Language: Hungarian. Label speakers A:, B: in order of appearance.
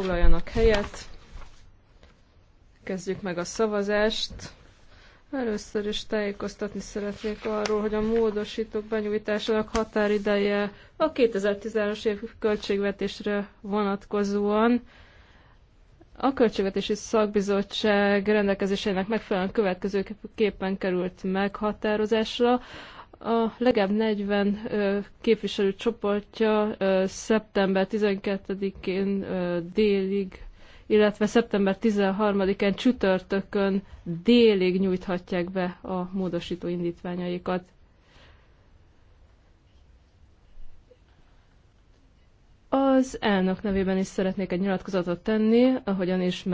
A: foglaljanak helyet. Kezdjük meg a szavazást. Először is tájékoztatni szeretnék arról, hogy a módosítók benyújtásának határideje a 2013-as év költségvetésre vonatkozóan a Költségvetési Szakbizottság rendelkezésének megfelelően következőképpen került meghatározásra a legalább 40 képviselő csoportja szeptember 12-én délig, illetve szeptember 13-án csütörtökön délig nyújthatják be a módosító indítványaikat. Az elnök nevében is szeretnék egy
B: nyilatkozatot tenni, ahogyan is